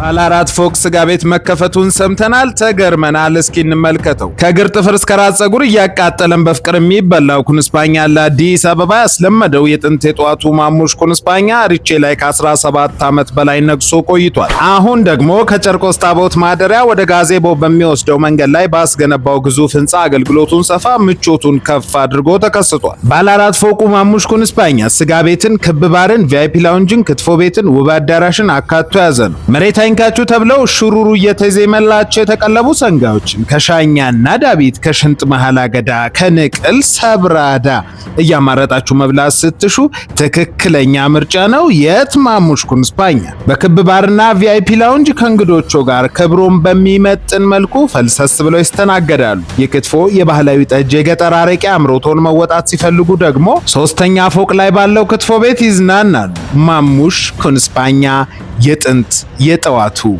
ባለአራት ፎቅ ስጋ ቤት መከፈቱን ሰምተናል፣ ተገርመናል። እስኪ እንመልከተው። ከእግር ጥፍር እስከ ራስ ፀጉር እያቃጠለን በፍቅር የሚበላው ኩንስፓኛ ለአዲስ አበባ ያስለመደው የጥንት የጠዋቱ ማሙሽ ኩንስፓኛ ሪቼ ላይ ከ17 ዓመት በላይ ነግሶ ቆይቷል። አሁን ደግሞ ከጨርቆስ ታቦት ማደሪያ ወደ ጋዜቦ በሚወስደው መንገድ ላይ ባስገነባው ግዙፍ ህንፃ አገልግሎቱን ሰፋ፣ ምቾቱን ከፍ አድርጎ ተከስቷል። ባለ ፎቁ ማሙሽ ኩንስፓኛ ስጋ ቤትን፣ ክብ ባርን፣ ቪአይፒ ላውንጅን፣ ክትፎ ቤትን፣ ውብ አዳራሽን አካቶ ያዘ ነው። አይንካችሁ ተብለው ሹሩሩ እየተዜመላቸው የተቀለቡ ሰንጋዎችን ከሻኛና ዳቢት ከሽንጥ መሃል አገዳ ከንቅል ሰብራዳ እያማረጣችሁ መብላት ስትሹ ትክክለኛ ምርጫ ነው። የት ኩን ስፓኛ በክብ ባርና ቪአይፒ ላውንጅ ከእንግዶቹ ጋር ክብሮን በሚመጥን መልኩ ፈልሰስ ብለው ይስተናገዳሉ። የክትፎ የባህላዊ ጠጅ፣ የገጠር አረቄ አምሮቶን መወጣት ሲፈልጉ ደግሞ ሶስተኛ ፎቅ ላይ ባለው ክትፎ ቤት ይዝናናሉ። ማሙሽ ኩን ስፓኛ የጥንት የጠዋቱ